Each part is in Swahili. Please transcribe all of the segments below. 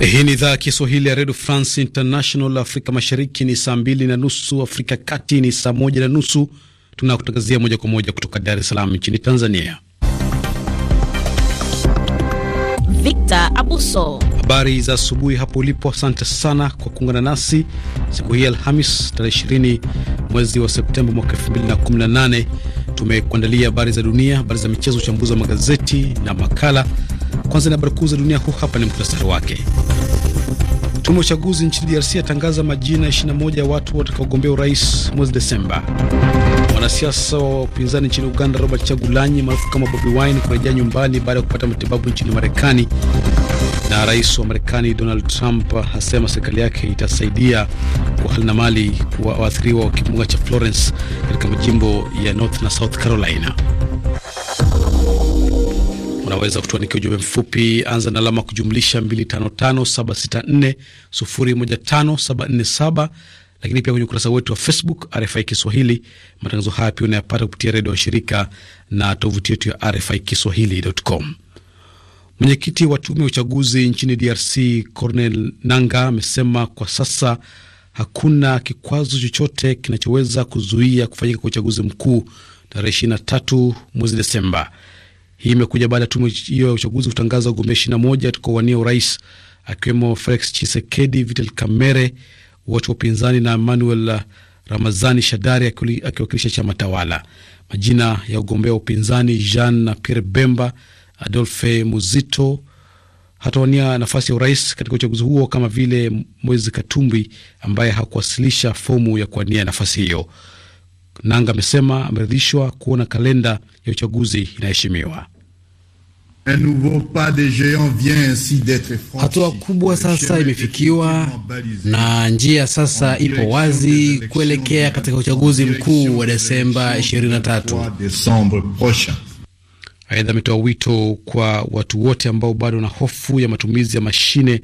Hii ni idhaa ya Kiswahili ya redio France International. Afrika mashariki ni saa mbili na nusu, Afrika kati ni saa moja na nusu. Tunakutangazia moja kwa moja kutoka Dar es Salaam nchini Tanzania. Victor Abuso, habari za asubuhi hapo ulipo. Asante sana kwa kuungana nasi siku hii Alhamis tarehe 20 mwezi wa Septemba mwaka 2018. Tumekuandalia habari za dunia, habari za michezo, uchambuzi wa magazeti na makala. Kwanza ni habari kuu za dunia, huu hapa ni muhtasari wake. Tume ya uchaguzi nchini DRC atangaza majina 21 ya watu watakaogombea urais mwezi Desemba. Mwanasiasa wa upinzani nchini Uganda Robert Chagulanyi maarufu kama Bobi Wine kurejea nyumbani baada ya kupata matibabu nchini Marekani. Na rais wa Marekani Donald Trump asema serikali yake itasaidia kwa hali na mali waathiriwa wa kimbunga cha Florence katika majimbo ya North na South Carolina. Unaweza kutuandikia ujumbe mfupi, anza na alama kujumlisha 255764015747 lakini pia kwenye ukurasa wetu wa Facebook RFI Kiswahili. Matangazo haya pia unayapata kupitia redio wa shirika na tovuti yetu ya RFI Kiswahili.com. Mwenyekiti wa tume ya uchaguzi nchini DRC Cornel Nanga amesema kwa sasa hakuna kikwazo chochote kinachoweza kuzuia kufanyika kwa uchaguzi mkuu tarehe 23 mwezi Desemba. Hii imekuja baada ya tume hiyo ya uchaguzi kutangaza wagombea 21 uwania urais akiwemo Felix chisekedi Vital Kamerhe, wote wa upinzani na Emmanuel Ramazani Shadari akiwakilisha chama tawala. Majina ya wagombea wa upinzani Jean na Pierre Bemba adolfe Muzito hatawania nafasi ya urais katika uchaguzi huo kama vile mwezi Katumbi ambaye hakuwasilisha fomu ya kuwania nafasi hiyo. Nanga amesema ameridhishwa kuona kalenda ya uchaguzi inaheshimiwa. Hatua kubwa sasa imefikiwa na njia sasa ipo wazi kuelekea katika uchaguzi mkuu wa Desemba 23. Aidha, ametoa wito kwa watu wote ambao bado na hofu ya matumizi ya mashine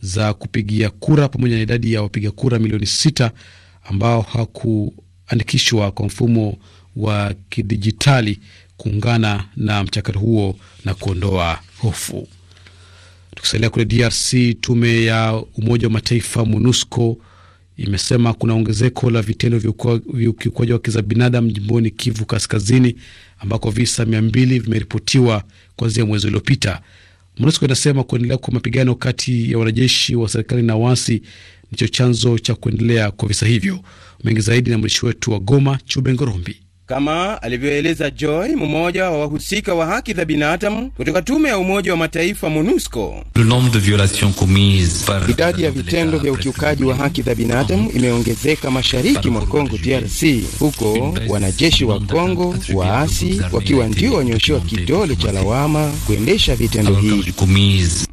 za kupigia kura pamoja na idadi ya wapiga kura milioni sita ambao hakuandikishwa kwa mfumo wa kidijitali kuungana na mchakato huo na kuondoa hofu. Tukisalia kule DRC, tume ya Umoja wa Mataifa MONUSCO imesema kuna ongezeko la vitendo vya ukiukwaji wa haki za binadamu jimboni Kivu Kaskazini, ambako visa mia mbili vimeripotiwa kuanzia mwezi uliopita. MONUSCO inasema kuendelea kwa mapigano kati ya wanajeshi wa serikali na waasi ndicho chanzo cha kuendelea kwa visa hivyo. Mengi zaidi na mwandishi wetu wa Goma, Chube Ngorombi kama alivyoeleza Joy, mmoja wa wahusika wa haki za binadamu kutoka tume ya Umoja wa Mataifa MONUSCO. Idadi ya vitendo vya ukiukaji wa haki za binadamu imeongezeka mashariki mwa Kongo DRC, huko wanajeshi wa Kongo waasi wakiwa ndio wanyoshiwa kidole cha lawama kuendesha vitendo hivi.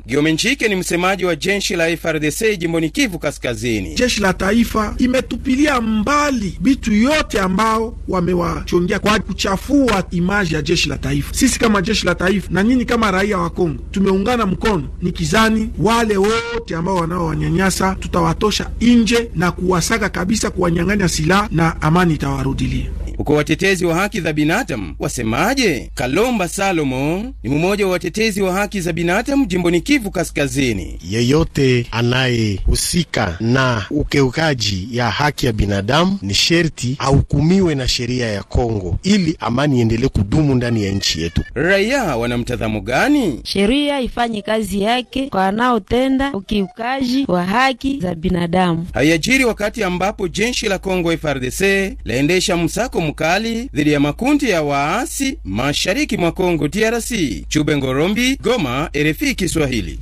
Giomenchike ni msemaji wa jeshi la frdc jimboni Kivu Kaskazini. Jeshi la taifa imetupilia mbali vitu yote ambao wamewa wanachoongea kwa kuchafua imaji ya jeshi la taifa. Sisi kama jeshi la taifa na nyinyi kama raia wa Kongo tumeungana mkono, ni kizani wale wote ambao wanaowanyanyasa tutawatosha nje na kuwasaka kabisa, kuwanyang'anya silaha na amani itawarudilia. Huko watetezi wa haki za binadamu wasemaje? Kalomba Salomo ni mmoja wa watetezi wa haki za binadamu jimboni Kivu Kaskazini. Yeyote anayehusika na ukeukaji ya haki ya binadamu ni sherti ahukumiwe na sheria ya Kongo ili amani iendelee kudumu ndani ya nchi yetu. Raia wana mtazamo gani? Sheria ifanye kazi yake kwa wanaotenda ukiukaji wa haki za binadamu. Hayajiri wakati ambapo jeshi la Kongo FRDC laendesha msako mkali dhidi ya makundi ya waasi mashariki mwa Kongo DRC. Chube Ngorombi, Goma, RFI Kiswahili.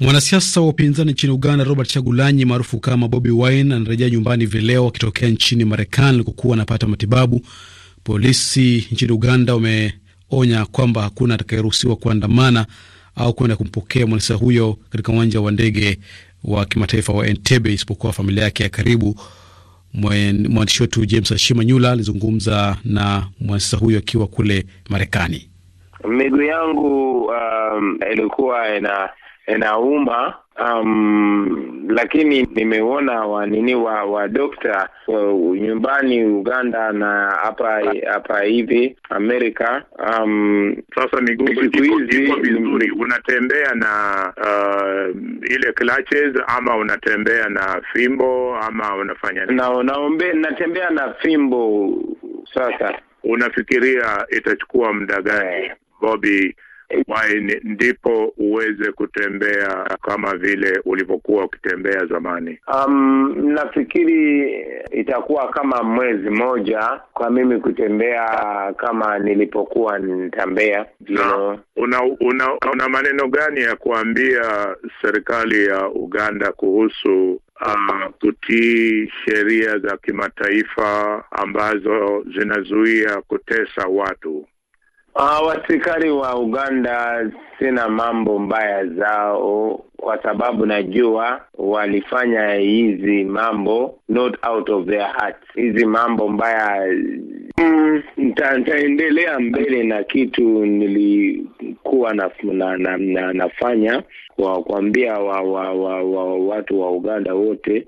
Mwanasiasa wa upinzani nchini Uganda Robert Chagulanyi maarufu kama Bobi Wine anarejea nyumbani vileo akitokea nchini Marekani alikokuwa anapata matibabu. Polisi nchini Uganda wameonya kwamba hakuna atakayeruhusiwa kuandamana au kwenda kumpokea mwanasiasa huyo katika uwanja wa ndege wa kimataifa wa Entebbe isipokuwa familia yake ya karibu. Mwandishi wetu James Ashimanyula alizungumza na mwanasiasa huyo akiwa kule Marekani. Miguu yangu um, ilikuwa ina nauma um, lakini nimeona wanini wa wa dokta uh, nyumbani Uganda na hapa hapa hivi Amerika. Um, sasa miguu hizi vizuri, unatembea na uh, ile clutches ama unatembea na fimbo ama unafanya Na naombe natembea na fimbo. Sasa unafikiria itachukua muda gani eh. Bobby waini, ndipo uweze kutembea kama vile ulivyokuwa ukitembea zamani? Um, nafikiri itakuwa kama mwezi moja kwa mimi kutembea kama nilipokuwa nitambea. No. Una, una, una maneno gani ya kuambia serikali ya Uganda kuhusu Uh, kutii sheria za kimataifa ambazo zinazuia kutesa watu. Uh, ah, wasikari wa Uganda sina mambo mbaya zao kwa sababu najua walifanya hizi mambo not out of their heart. Hizi mambo mbaya mm, mbele na kitu nilikuwa na, na, na, na nafanya wa kuambia wa, wa, wa, wa, watu wa Uganda wote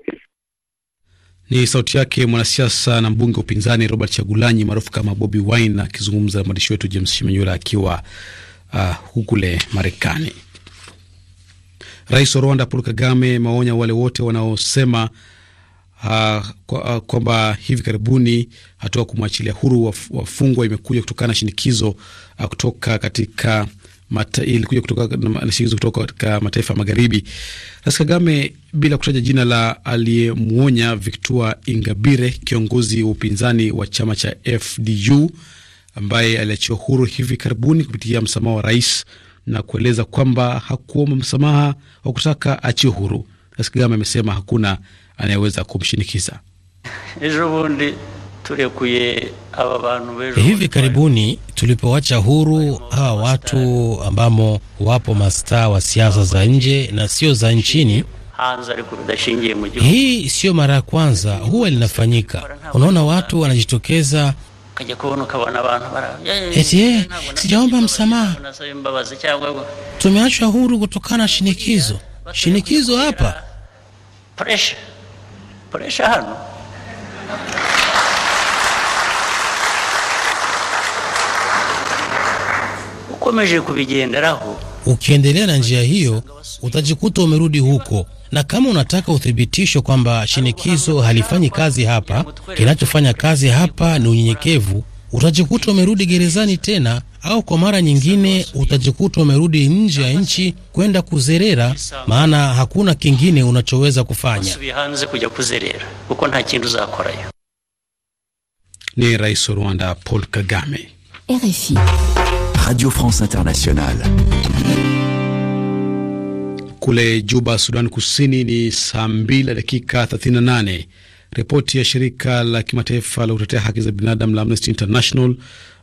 ni sauti yake mwanasiasa na mbunge wa upinzani Robert Chagulanyi maarufu kama Bobi Wine akizungumza na mwandishi wetu James Shimenyula akiwa uh, ah, hukule Marekani. Rais wa Rwanda Paul Kagame maonya wale wote wanaosema uh, kwamba uh, hivi karibuni hatua kumwachilia huru wafungwa imekuja kutokana na shinikizo uh, kutoka katika mata, ilikuja kutoka na shinikizo kutoka katika mataifa ya magharibi. Rais Kagame, bila kutaja jina la aliyemwonya Victoire Ingabire, kiongozi wa upinzani wa chama cha FDU ambaye aliachiwa huru hivi karibuni kupitia msamaha wa rais na kueleza kwamba hakuomba msamaha wa kutaka achiwe huru. Rais Kagame amesema hakuna anayeweza kumshinikiza Hivi karibuni tulipowacha huru hawa watu ambamo wapo mastaa wa siasa za nje na sio za nchini. Hii siyo mara ya kwanza, huwa linafanyika. Unaona, watu wanajitokeza eti sijaomba msamaha, tumeachwa huru kutokana na shinikizo. Shinikizo hapa, presha, presha hano ukomeje kubigenderaho, ukiendelea na njia hiyo utajikuta umerudi huko, na kama unataka uthibitisho kwamba shinikizo halifanyi kazi hapa, kinachofanya kazi hapa ni unyenyekevu, utajikuta umerudi gerezani tena, au kwa mara nyingine utajikuta umerudi nje ya nchi kwenda kuzerera, maana hakuna kingine unachoweza kufanya. Ni Rais wa Rwanda Paul Kagame. RFI. Radio France Internationale. Kule Juba, Sudan Kusini ni saa 2 la dakika 38. Ripoti ya shirika la kimataifa la kutetea haki za binadamu la Amnesty International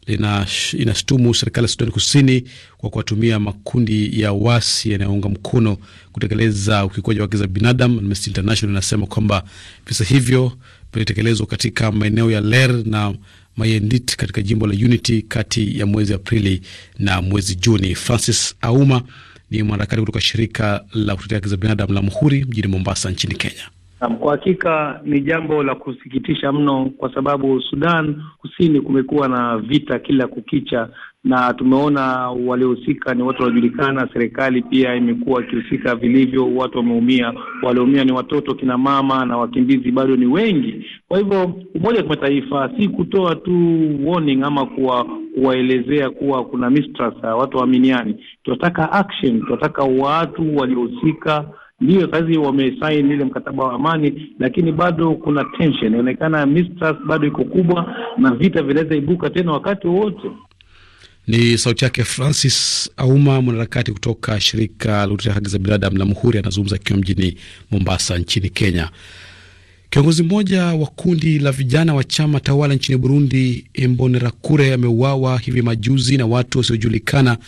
lina inashtumu serikali ya Sudan Kusini kwa kuwatumia makundi ya wasi yanayounga mkono kutekeleza ukiukaji wa haki za binadamu. Amnesty International inasema kwamba visa hivyo vilitekelezwa katika maeneo ya Ler na Mayendit katika jimbo la Unity kati ya mwezi Aprili na mwezi Juni. Francis Auma ni mwanaharakati kutoka shirika la kutetea haki za binadamu la Muhuri mjini Mombasa nchini Kenya. Kwa hakika ni jambo la kusikitisha mno, kwa sababu Sudan Kusini kumekuwa na vita kila kukicha na tumeona waliohusika ni watu wanajulikana. Serikali pia imekuwa ikihusika vilivyo, watu wameumia. Walioumia ni watoto, kina mama na wakimbizi bado ni wengi. Kwa hivyo Umoja wa Kimataifa si kutoa tu warning ama kuwa kuwaelezea kuwa kuna mistrust, watu waaminiani. Tunataka action, tunataka watu waliohusika Ndiyo, sahizi wamesain ile mkataba wa amani, lakini bado kuna tension inaonekana, mistrust bado iko kubwa, na vita vinaweza ibuka tena wakati wowote. Ni sauti yake Francis Auma, mwanaharakati kutoka shirika la kutetea haki za binadamu la Muhuri, anazungumza akiwa mjini Mombasa nchini Kenya. Kiongozi mmoja wa kundi la vijana wa chama tawala nchini Burundi, Imbonerakure, ameuawa hivi majuzi na watu wasiojulikana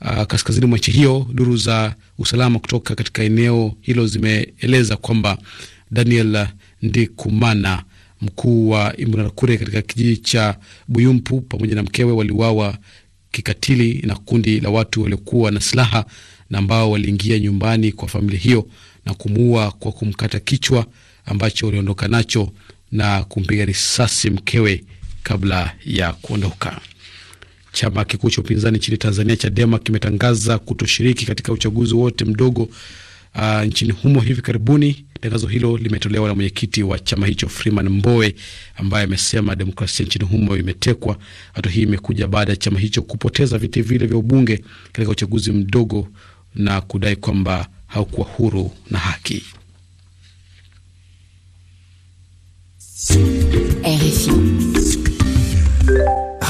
uh, kaskazini mwa nchi hiyo. Duru za usalama kutoka katika eneo hilo zimeeleza kwamba Daniel Ndikumana mkuu wa Imbonerakure katika kijiji cha Buyumpu pamoja na mkewe waliuawa kikatili na kundi la watu waliokuwa na silaha na ambao waliingia nyumbani kwa familia hiyo na kumuua kwa kumkata kichwa ambacho waliondoka nacho na kumpiga risasi mkewe kabla ya kuondoka. Chama kikuu cha upinzani nchini Tanzania, Chadema, kimetangaza kutoshiriki katika uchaguzi wote mdogo uh, nchini humo hivi karibuni Tangazo hilo limetolewa na mwenyekiti wa chama hicho Freeman Mbowe ambaye amesema demokrasia nchini humo imetekwa. Hatua hii imekuja baada ya chama hicho kupoteza viti vile vya ubunge katika uchaguzi mdogo na kudai kwamba haukuwa huru na haki. RFI.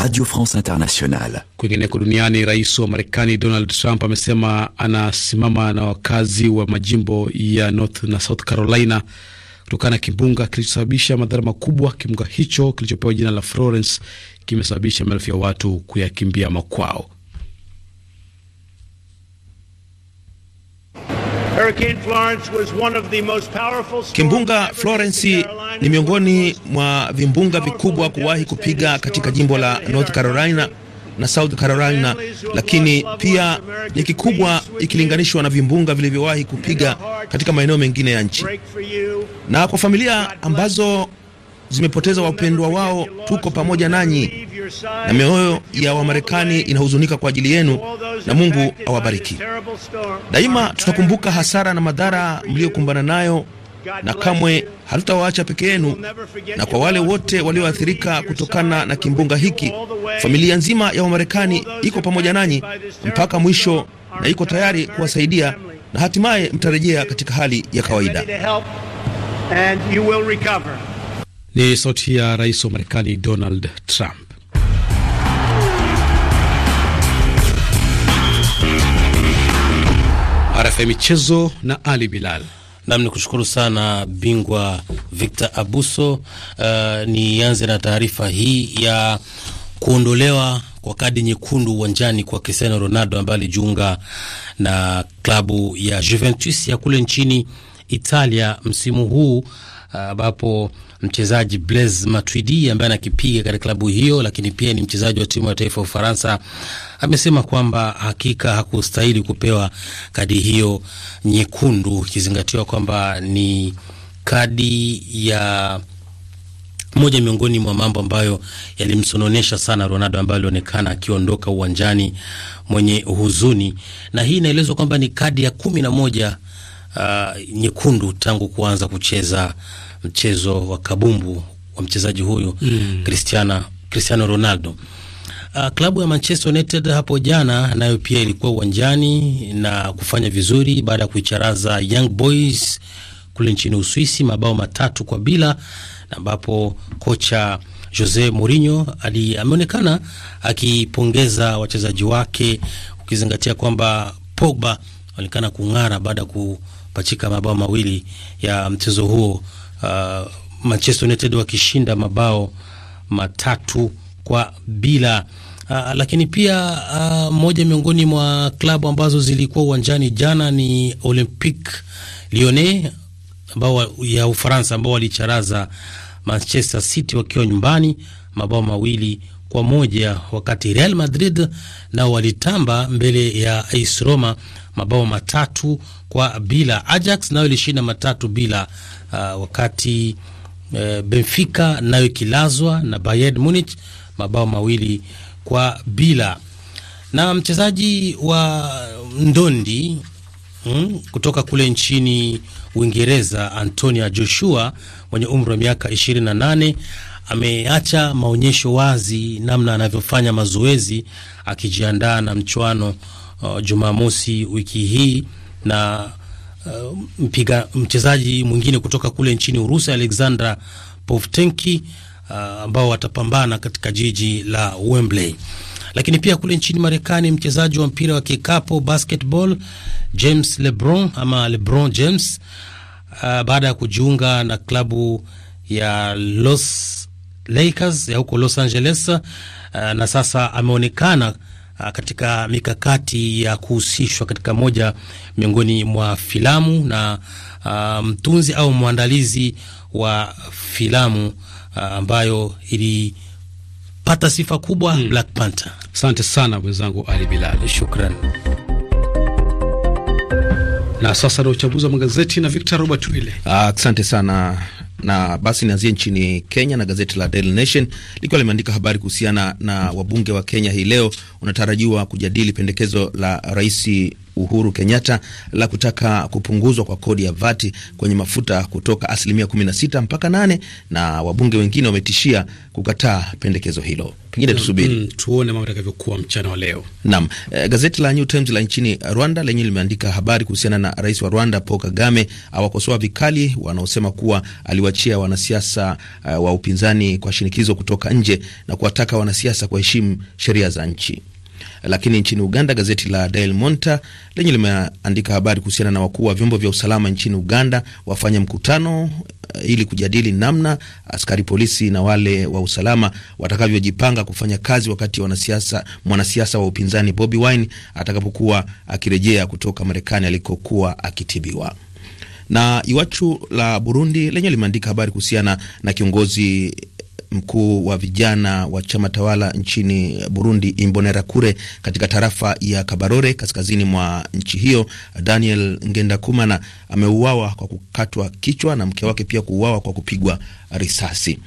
Radio France Internationale. Kwingineko duniani, rais wa Marekani Donald Trump amesema anasimama na wakazi wa majimbo ya North na South Carolina kutokana na kimbunga kilichosababisha madhara makubwa. Kimbunga hicho kilichopewa jina la Florence kimesababisha maelfu ya watu kuyakimbia makwao. Kimbunga Florence ni miongoni mwa vimbunga vikubwa kuwahi kupiga katika jimbo la North Carolina na South Carolina, lakini pia ni kikubwa ikilinganishwa na vimbunga vilivyowahi kupiga katika maeneo mengine ya nchi. Na kwa familia ambazo zimepoteza wapendwa wao, tuko pamoja nanyi, na mioyo ya Wamarekani inahuzunika kwa ajili yenu, na Mungu awabariki daima. Tutakumbuka hasara na madhara mliyokumbana nayo, na kamwe hatutawaacha peke yenu. Na kwa wale wote walioathirika kutokana na kimbunga hiki, familia nzima ya Wamarekani iko pamoja nanyi mpaka mwisho na iko tayari kuwasaidia, na hatimaye mtarejea katika hali ya kawaida. Ni sauti ya rais wa Marekani Donald Trump. RFI michezo na Ali Bilal. Nam ni kushukuru sana bingwa Victor Abuso. Uh, nianze na taarifa hii ya kuondolewa kwa kadi nyekundu uwanjani kwa Cristiano Ronaldo ambaye alijiunga na klabu ya Juventus ya kule nchini Italia msimu huu uh, ambapo uh, mchezaji Blaise Matuidi ambaye anakipiga katika klabu hiyo, lakini pia ni mchezaji wa timu ya taifa ya Ufaransa, amesema kwamba hakika hakustahili kupewa kadi hiyo nyekundu, ikizingatiwa kwamba ni kadi ya moja miongoni mwa mambo ambayo yalimsononesha sana Ronaldo ambaye alionekana akiondoka uwanjani mwenye huzuni, na hii inaelezwa kwamba ni kadi ya kumi na moja uh, nyekundu tangu kuanza kucheza mchezo wa kabumbu wa mchezaji huyu mm. Cristiano, Cristiano Ronaldo. Uh, klabu ya Manchester United hapo jana nayo pia ilikuwa uwanjani na kufanya vizuri baada ya kuicharaza Young Boys kule nchini Uswisi mabao matatu kwa bila, na ambapo kocha Jose Mourinho ameonekana akipongeza wachezaji wake, ukizingatia kwamba Pogba aonekana kung'ara baada ya kupachika mabao mawili ya mchezo huo uh, Manchester United wakishinda mabao matatu kwa bila. Uh, lakini pia uh, moja miongoni mwa klabu ambazo zilikuwa uwanjani jana ni Olympique Lyonnais ambao ya Ufaransa ambao walicharaza Manchester City wakiwa nyumbani mabao mawili kwa moja wakati Real Madrid nao walitamba mbele ya AS Roma mabao matatu kwa bila. Ajax nayo ilishinda matatu bila. Uh, wakati uh, Benfica nayo ikilazwa na Bayern Munich mabao mawili kwa bila. Na mchezaji wa ndondi mm, kutoka kule nchini Uingereza Antonio Joshua mwenye umri wa miaka 28 ameacha maonyesho wazi namna anavyofanya mazoezi akijiandaa na mchuano uh, Jumamosi wiki hii na uh, mpiga mchezaji mwingine kutoka kule nchini Urusi Alexandra Povtenki uh, ambao uh, watapambana katika jiji la Wembley. Lakini pia kule nchini Marekani, mchezaji wa mpira wa kikapo basketball James LeBron ama LeBron James uh, baada ya kujiunga na klabu ya Los Lakers ya huko Los Angeles uh, na sasa ameonekana uh, katika mikakati ya kuhusishwa katika moja miongoni mwa filamu na uh, mtunzi au mwandalizi wa filamu uh, ambayo ilipata sifa kubwa hmm, Black Panther. Asante sana mwenzangu Ali Bilal, shukran. Na sasa na uchambuzi wa magazeti na Victor Robert Wile. Asante sana na basi nianzie nchini Kenya na gazeti la Daily Nation likiwa limeandika habari kuhusiana na wabunge wa Kenya hii leo wanatarajiwa kujadili pendekezo la rais Uhuru Kenyatta la kutaka kupunguzwa kwa kodi ya vati kwenye mafuta kutoka asilimia 16 mpaka 8, na wabunge wengine wametishia kukataa pendekezo hilo. Pengine mm, tusubiri mm, tuone mambo yatakavyokuwa mchana wa leo. Naam, eh, gazeti la New Times la nchini Rwanda lenye limeandika habari kuhusiana na rais wa Rwanda Paul Kagame, awakosoa vikali wanaosema kuwa aliwachia wanasiasa uh, wa upinzani kwa shinikizo kutoka nje na kuwataka wanasiasa kuheshimu sheria za nchi. Lakini nchini Uganda, gazeti la Daily Monitor lenye limeandika habari kuhusiana na wakuu wa vyombo vya usalama nchini Uganda wafanya mkutano eh, ili kujadili namna askari polisi na wale wa usalama watakavyojipanga kufanya kazi wakati wanasiasa, mwanasiasa wa upinzani Bobi Wine atakapokuwa akirejea kutoka Marekani alikokuwa akitibiwa na Iwachu la Burundi lenye limeandika habari kuhusiana na kiongozi mkuu wa vijana wa chama tawala nchini Burundi, Imbonerakure, katika tarafa ya Kabarore kaskazini mwa nchi hiyo, Daniel Ngendakumana ameuawa kwa kukatwa kichwa na mke wake pia kuuawa kwa kupigwa risasi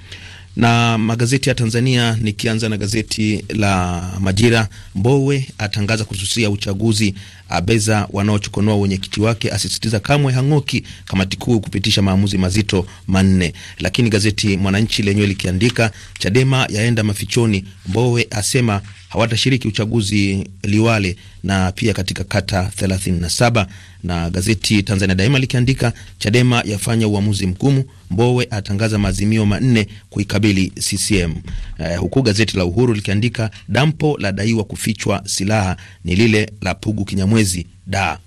na magazeti ya Tanzania, nikianza na gazeti la Majira. Mbowe atangaza kususia uchaguzi, abeza wanaochokonoa wenyekiti wake, asisitiza kamwe hang'oki kamati kuu kupitisha maamuzi mazito manne. Lakini gazeti Mwananchi lenyewe likiandika Chadema yaenda mafichoni, Mbowe asema hawatashiriki uchaguzi Liwale na pia katika kata 37. Na gazeti Tanzania Daima likiandika Chadema yafanya uamuzi mgumu, Mbowe atangaza maazimio manne kuikabili CCM. Uh, eh, huku gazeti la Uhuru likiandika dampo la daiwa kufichwa silaha ni lile la Pugu Kinyamwezi da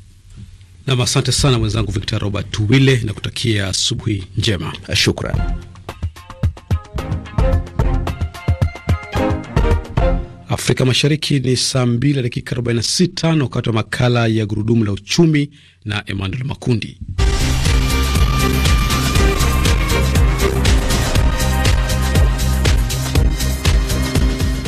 nam. Asante sana mwenzangu Victor Robert Wile na kutakia asubuhi njema, shukran. Afrika Mashariki ni saa 2 dakika 46, na wakati wa makala ya gurudumu la uchumi na Emmanuel Makundi.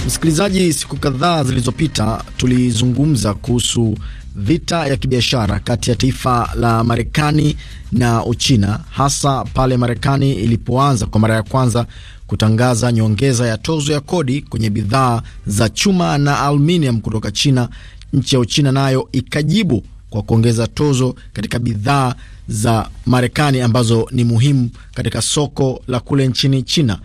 Msikilizaji, siku kadhaa zilizopita tulizungumza kuhusu vita ya kibiashara kati ya taifa la Marekani na Uchina, hasa pale Marekani ilipoanza kwa mara ya kwanza kutangaza nyongeza ya tozo ya kodi kwenye bidhaa za chuma na aluminium kutoka China, nchi ya Uchina nayo ikajibu kwa kuongeza tozo katika bidhaa za Marekani ambazo ni muhimu katika soko la kule nchini China.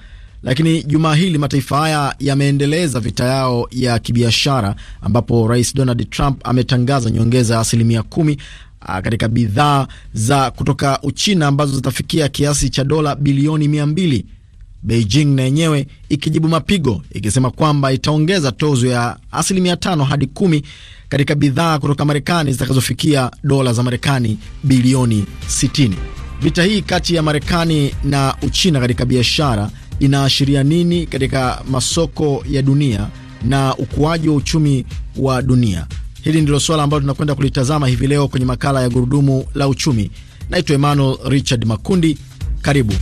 Lakini jumaa hili mataifa haya yameendeleza vita yao ya kibiashara, ambapo Rais Donald Trump ametangaza nyongeza ya asilimia kumi ah, katika bidhaa za kutoka Uchina ambazo zitafikia kiasi cha dola bilioni mia mbili Beijing na yenyewe ikijibu mapigo ikisema kwamba itaongeza tozo ya asilimia tano hadi kumi katika bidhaa kutoka Marekani zitakazofikia dola za Marekani bilioni 60. Vita hii kati ya Marekani na Uchina katika biashara inaashiria nini katika masoko ya dunia na ukuaji wa uchumi wa dunia? Hili ndilo suala ambalo tunakwenda kulitazama hivi leo kwenye makala ya Gurudumu la Uchumi. Naitwa Emmanuel Richard Makundi, karibu.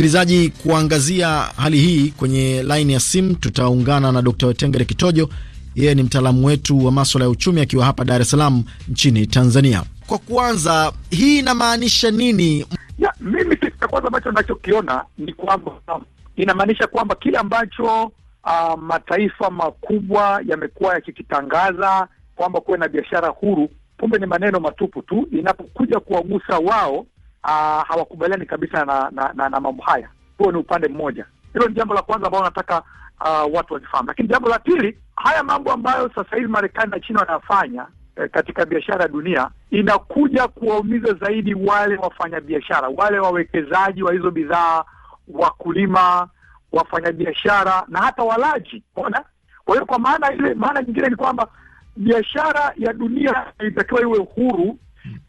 Msikilizaji, kuangazia hali hii kwenye laini ya simu tutaungana na Dr. Wetengere Kitojo. Yeye ni mtaalamu wetu wa maswala ya uchumi akiwa hapa Dar es Salaam nchini Tanzania. Kwa kwanza hii inamaanisha nini? Ya, mimi kitu cha kwanza ambacho nachokiona ni kwamba um, inamaanisha kwamba kile ambacho uh, mataifa makubwa yamekuwa yakikitangaza kwamba kuwe na biashara huru, kumbe ni maneno matupu tu. Inapokuja kuwagusa wao, Ah, hawakubaliani kabisa na, na, na, na mambo haya. Huo ni upande mmoja. Hilo ni jambo la kwanza ambalo nataka uh, watu wajifahamu. Lakini jambo la pili, haya mambo ambayo sasa hivi Marekani na China wanayafanya eh, katika biashara ya dunia inakuja kuwaumiza zaidi wale wafanyabiashara, wale wawekezaji wa hizo bidhaa, wakulima, wafanyabiashara na hata walaji. Ona, kwa hiyo kwa maana ile, maana nyingine ni kwamba biashara ya dunia inatakiwa iwe huru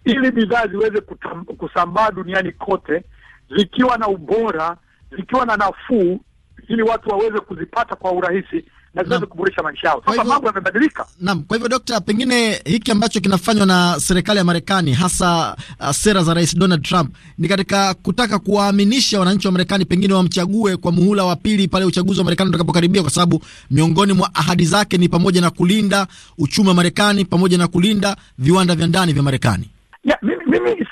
ili bidhaa ziweze kusambaa duniani kote, zikiwa na ubora, zikiwa na nafuu, ili watu waweze kuzipata kwa urahisi na ziweze kuboresha maisha yao. Sasa mambo yamebadilika. Naam, kwa hivyo Dokta, pengine hiki ambacho kinafanywa na serikali ya Marekani hasa uh, sera za Rais Donald Trump ni katika kutaka kuwaaminisha wananchi wa Marekani pengine wamchague kwa muhula wa pili pale uchaguzi wa Marekani utakapokaribia, kwa sababu miongoni mwa ahadi zake ni pamoja na kulinda uchumi wa Marekani pamoja na kulinda viwanda vya ndani vya Marekani. Ya, mimi, mimi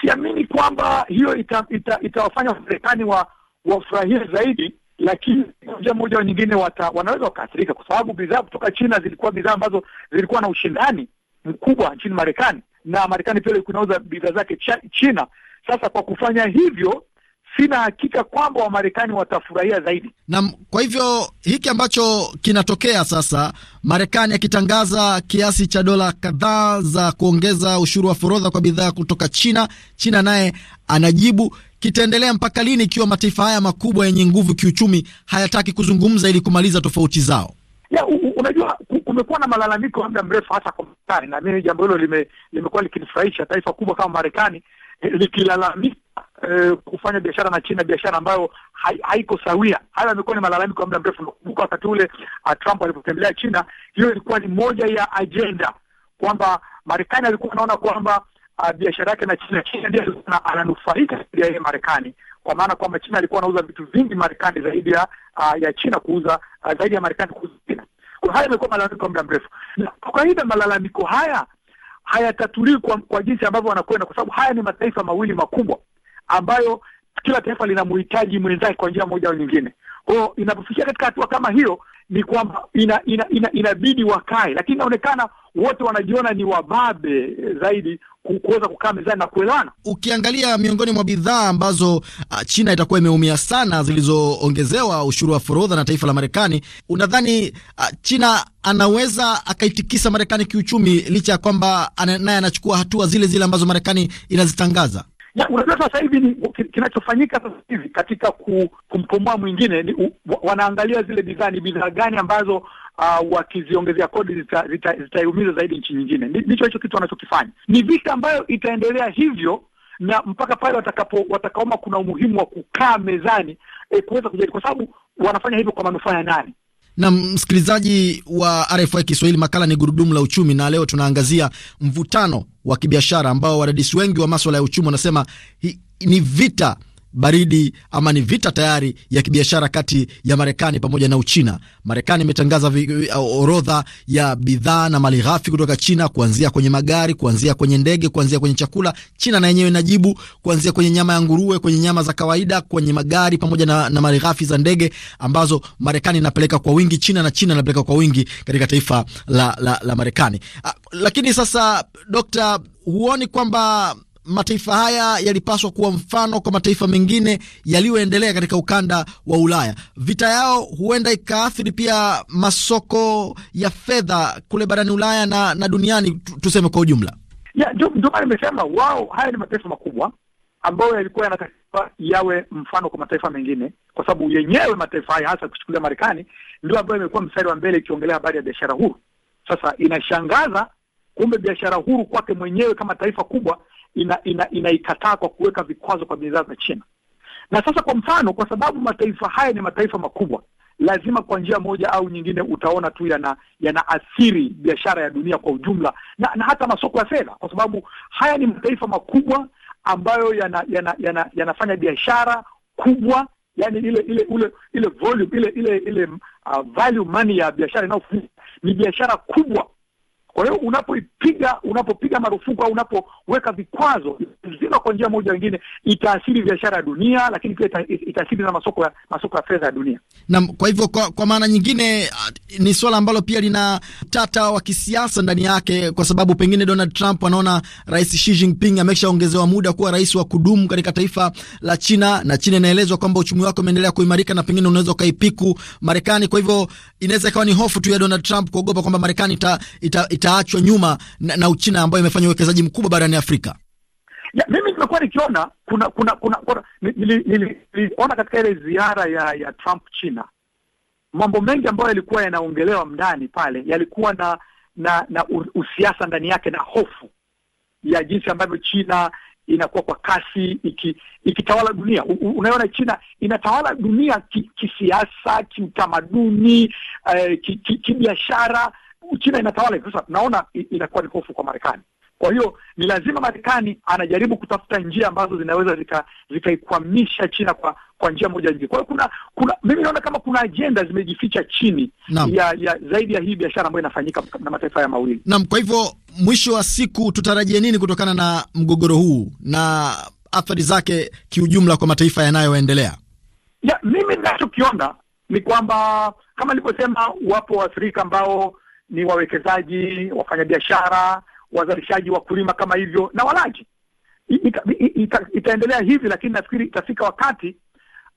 siamini si, si, kwamba hiyo itawafanya ita, ita Wamarekani wa wafurahie zaidi lakini njia moja au nyingine wata, wanaweza wakaathirika, kwa sababu bidhaa kutoka China zilikuwa bidhaa ambazo zilikuwa na ushindani mkubwa nchini Marekani, na Marekani pia ilikuwa inauza bidhaa zake China. Sasa kwa kufanya hivyo sina hakika kwamba Wamarekani watafurahia zaidi. Naam, kwa hivyo hiki ambacho kinatokea sasa, Marekani akitangaza kiasi cha dola kadhaa za kuongeza ushuru wa forodha kwa bidhaa kutoka China, China naye anajibu kitaendelea mpaka lini ikiwa mataifa haya makubwa yenye nguvu kiuchumi hayataki kuzungumza ili kumaliza tofauti zao? Ya, u, unajua kumekuwa na malalamiko muda mrefu hasa kwa Marekani, na mimi jambo hilo lime, limekuwa likinifurahisha taifa kubwa kama Marekani eh, likilalamika eh, kufanya biashara na China, biashara ambayo haiko hai sawia. Hayo yamekuwa ni malalamiko ya muda mrefu. Nakumbuka wakati ule uh, Trump alipotembelea China, hiyo ilikuwa ni moja ya ajenda kwamba Marekani alikuwa anaona kwamba Ah, biashara yake na China. China ndiye ananufaika zaidi ya Marekani, kwa maana kwamba China alikuwa anauza vitu vingi Marekani zaidi ya ah, ya China kuuza a, ah, zaidi ya Marekani kuuza China. Kwa haya imekuwa malalamiko muda mrefu, na kwa kawaida malalamiko haya hayatatuliwi kwa, kwa jinsi ambavyo wanakwenda, kwa sababu haya ni mataifa mawili makubwa ambayo kila taifa linamhitaji mwenzake kwa njia moja au nyingine kwao. inapofikia katika hatua kama hiyo, ni kwamba ina, ina, ina, inabidi wakae, lakini inaonekana wote wanajiona ni wababe zaidi kuweza kukaa mezani na kuelewana. Ukiangalia miongoni mwa bidhaa ambazo uh, China itakuwa imeumia sana zilizoongezewa ushuru wa forodha na taifa la Marekani, unadhani uh, China anaweza akaitikisa Marekani kiuchumi licha ya kwamba naye anachukua hatua zile zile ambazo Marekani inazitangaza? na unajua sasa hivi ni kinachofanyika sasa hivi katika kumkomoa mwingine ni wanaangalia zile bidhaa, ni bidhaa gani ambazo uh, wakiziongezea kodi zitaiumiza zita, zita zaidi nchi nyingine. Ndicho hicho kitu wanachokifanya. Ni vita ambayo itaendelea hivyo na mpaka pale watakapo watakaoma kuna umuhimu wa kukaa mezani e, kuweza kujadili, kwa sababu wanafanya hivyo kwa manufaa ya nani? Na msikilizaji wa RFI Kiswahili, makala ni gurudumu la uchumi, na leo tunaangazia mvutano wa kibiashara ambao wadadisi wengi wa maswala ya uchumi wanasema ni vita baridi ama ni vita tayari ya kibiashara kati ya Marekani pamoja na Uchina. Marekani imetangaza orodha ya bidhaa na mali ghafi kutoka China, kuanzia kwenye magari, kuanzia kwenye ndege, kuanzia kwenye chakula. China na yenyewe inajibu, kuanzia kwenye nyama ya nguruwe, kwenye nyama za kawaida, kwenye magari pamoja na, na mali ghafi za ndege ambazo Marekani inapeleka kwa wingi China na China inapeleka kwa wingi katika taifa la, la, la Marekani. Ah, lakini sasa, Dokta, huoni kwamba mataifa haya yalipaswa kuwa mfano kwa mataifa mengine yaliyoendelea katika ukanda wa Ulaya. Vita yao huenda ikaathiri pia masoko ya fedha kule barani Ulaya na, na duniani tuseme kwa ujumla. Ndio maana nimesema wao, haya ni mataifa makubwa ambayo yalikuwa yanatakiwa yawe mfano kwa mataifa mengine, kwa sababu yenyewe mataifa haya hasa kuchukulia Marekani ndio ambayo imekuwa mstari wa mbele ikiongelea habari ya biashara huru. Sasa inashangaza kumbe biashara huru kwake mwenyewe kama taifa kubwa inaikataa ina, ina kwa kuweka vikwazo kwa bidhaa za China. Na sasa kwa mfano, kwa sababu mataifa haya ni mataifa makubwa, lazima kwa njia moja au nyingine utaona tu yana yanaathiri biashara ya dunia kwa ujumla na, na hata masoko ya fedha, kwa sababu haya ni mataifa makubwa ambayo yana, yana, yana, yanafanya biashara kubwa, yani ile ile ule, ile volume ile ile ile uh, value money ya biashara inayofanyika ni biashara kubwa kwa hiyo unapoipiga, unapopiga marufuku au unapoweka vikwazo zima kwa njia moja nyingine, itaathiri biashara ya dunia, lakini pia ita, itaathiri na masoko ya masoko ya fedha ya dunia. Naam, kwa hivyo kwa, kwa maana nyingine uh, ni swala ambalo pia lina tata wa kisiasa ndani yake, kwa sababu pengine Donald Trump anaona Rais Xi Jinping ameshaongezewa muda kuwa rais wa kudumu katika taifa la China, na China inaelezwa kwamba uchumi wake umeendelea kuimarika na pengine unaweza ukaipiku Marekani. Kwa hivyo inaweza ikawa ni hofu tu ya Donald Trump kuogopa kwamba Marekani ita, ita, ita itaachwa nyuma na, na Uchina ambayo imefanya uwekezaji mkubwa barani Afrika? Ya, mimi nimekuwa nikiona kuna kuna kuna, kuna niliona nili, nili, katika ile ziara ya ya Trump China, mambo mengi ambayo yalikuwa yanaongelewa ndani pale yalikuwa na na na usiasa ndani yake na hofu ya jinsi ambavyo China inakuwa kwa kasi iki, ikitawala dunia. Unaona, China inatawala dunia kisiasa, ki kiutamaduni, eh, kibiashara ki, ki China inatawala sasa, tunaona inakuwa ni hofu kwa Marekani. Kwa hiyo ni lazima Marekani anajaribu kutafuta njia ambazo zinaweza zikaikwamisha zika China kwa kwa njia moja nyingine. Kwa hiyo kuna kuna mimi naona kama kuna ajenda zimejificha chini ya, ya zaidi ya hii biashara ambayo inafanyika na mataifa haya mawili. Naam, kwa hivyo mwisho wa siku tutarajie nini kutokana na mgogoro huu na athari zake kiujumla kwa mataifa yanayoendelea? Ya, mimi ninachokiona ni kwamba kama nilivyosema, wapo Waafrika ambao ni wawekezaji, wafanyabiashara, wazalishaji, wakulima kama hivyo na walaji. Ita, ita, itaendelea hivi, lakini nafikiri itafika wakati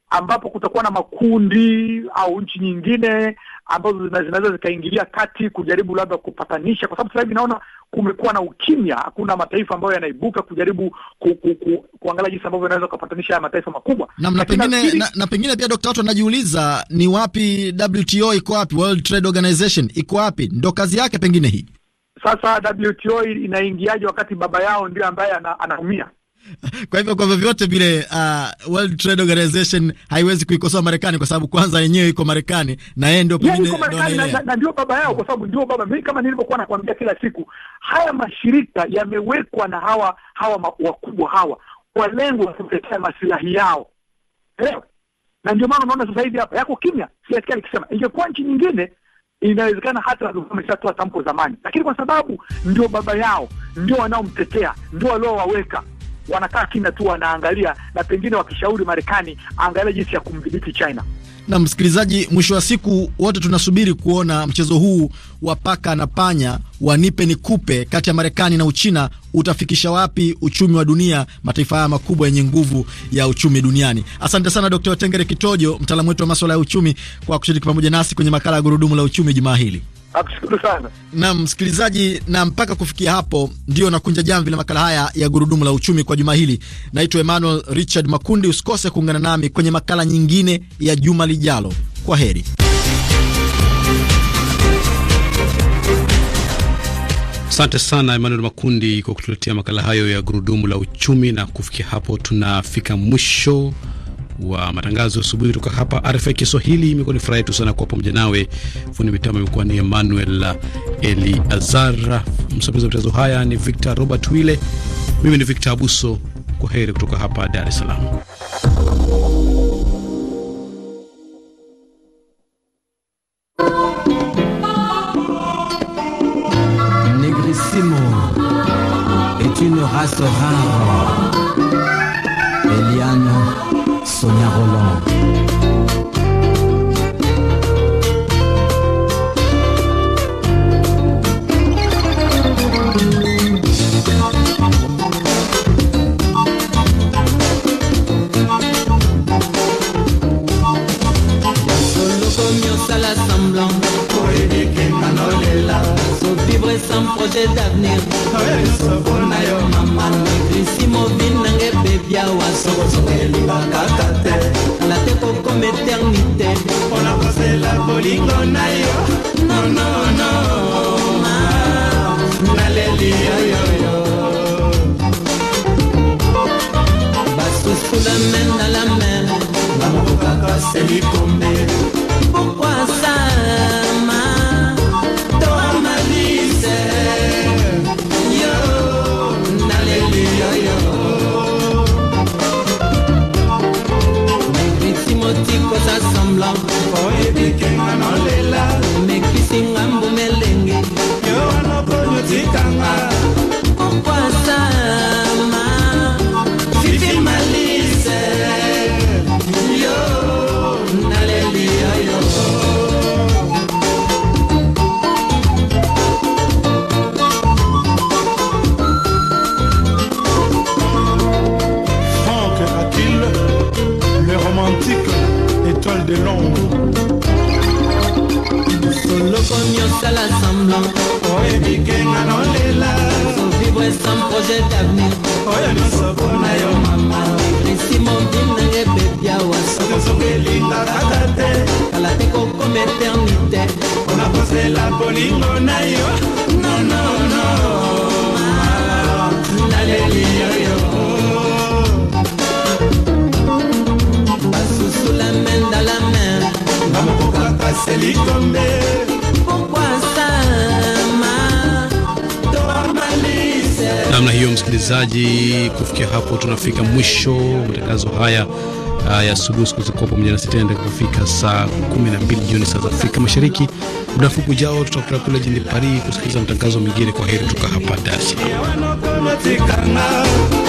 ambapo kutakuwa na makundi au nchi nyingine ambazo zinaweza zikaingilia kati kujaribu labda kupatanisha, kwa sababu sasa hivi naona kumekuwa na ukimya. Hakuna mataifa ambayo yanaibuka kujaribu ku, ku, ku, kuangalia jinsi ambavyo yanaweza kupatanisha haya mataifa makubwa na, na, pengine, na, na pengine pia Dokta, watu wanajiuliza ni wapi WTO iko wapi, World Trade Organization iko wapi? Ndo kazi yake pengine hii sasa. WTO inaingiaje wakati baba yao ndio ambaye anaumia? Kwa hivyo kwa vyovyote vile, uh, World Trade Organization haiwezi kuikosoa Marekani kwa sababu kwanza yenyewe iko Marekani na yeye ndio yaani na ndio baba yao, kwa sababu ndio baba. Mimi kama nilivyokuwa nakwambia kila siku, haya mashirika yamewekwa na hawa hawa wakubwa hawa kwa lengo la kutetea maslahi yao, elewa. Na ndio maana unaona sasa hivi hapa yako kimya, siasikia likisema. Ingekuwa nchi nyingine inawezekana hata wameshatoa tamko zamani, lakini kwa sababu ndio baba yao, ndio wanaomtetea, ndio waliowaweka wanakaa kina tu, wanaangalia na pengine wakishauri Marekani aangalia jinsi ya kumdhibiti China. Na msikilizaji, mwisho wa siku wote tunasubiri kuona mchezo huu wa paka na panya, wanipe kupe kati ya Marekani na Uchina utafikisha wapi uchumi wa dunia, mataifa haya makubwa yenye nguvu ya uchumi duniani. Asante sana Dr. Tengere Kitojo, mtaalamu wetu wa maswala ya uchumi, kwa kushiriki pamoja nasi kwenye makala ya gurudumu la uchumi jumaa hili. Nakushukuru sana. nam msikilizaji, na mpaka kufikia hapo ndio nakunja jamvi la makala haya ya gurudumu la uchumi kwa juma hili. Naitwa Emmanuel Richard Makundi. Usikose kuungana nami kwenye makala nyingine ya juma lijalo. Kwa heri. Asante sana Emmanuel Makundi kwa kutuletea makala hayo ya gurudumu la uchumi, na kufikia hapo tunafika mwisho wa matangazo asubuhi kutoka hapa RFI Kiswahili. Imekuwa ni furaha yetu sana kuwa pamoja nawe. Fundi mitambo imekuwa ni Emmanuel Eliazar, msimamizi wa matangazo haya ni Victor Robert Wile, mimi ni Victor Abuso. Kwa heri kutoka hapa Dar es Salaam. Negrissimo est une race rare. soñado kosala semblant oyebikenga nolela kovivre sans projet d'avenir oyo nyonso mpona yo mama risi mobile nanga ebebiawa soki osoki elinga kaka te kala te kokoma eternité mpona kosela bolingo na yo nonono naleli yoyo basusu la main dans la main bamokoka kaselikombe namna hiyo, msikilizaji, kufikia hapo tunafika mwisho matangazo haya ah, ya asubuhi. Sikusikua pamoja nasi tena kufika saa 12 jioni saa za Afrika Mashariki. Muda mfupi ujao tutakutana kule jijini Paris kusikiliza matangazo mengine. Kwa heri kutoka hapa Dar es Salaam.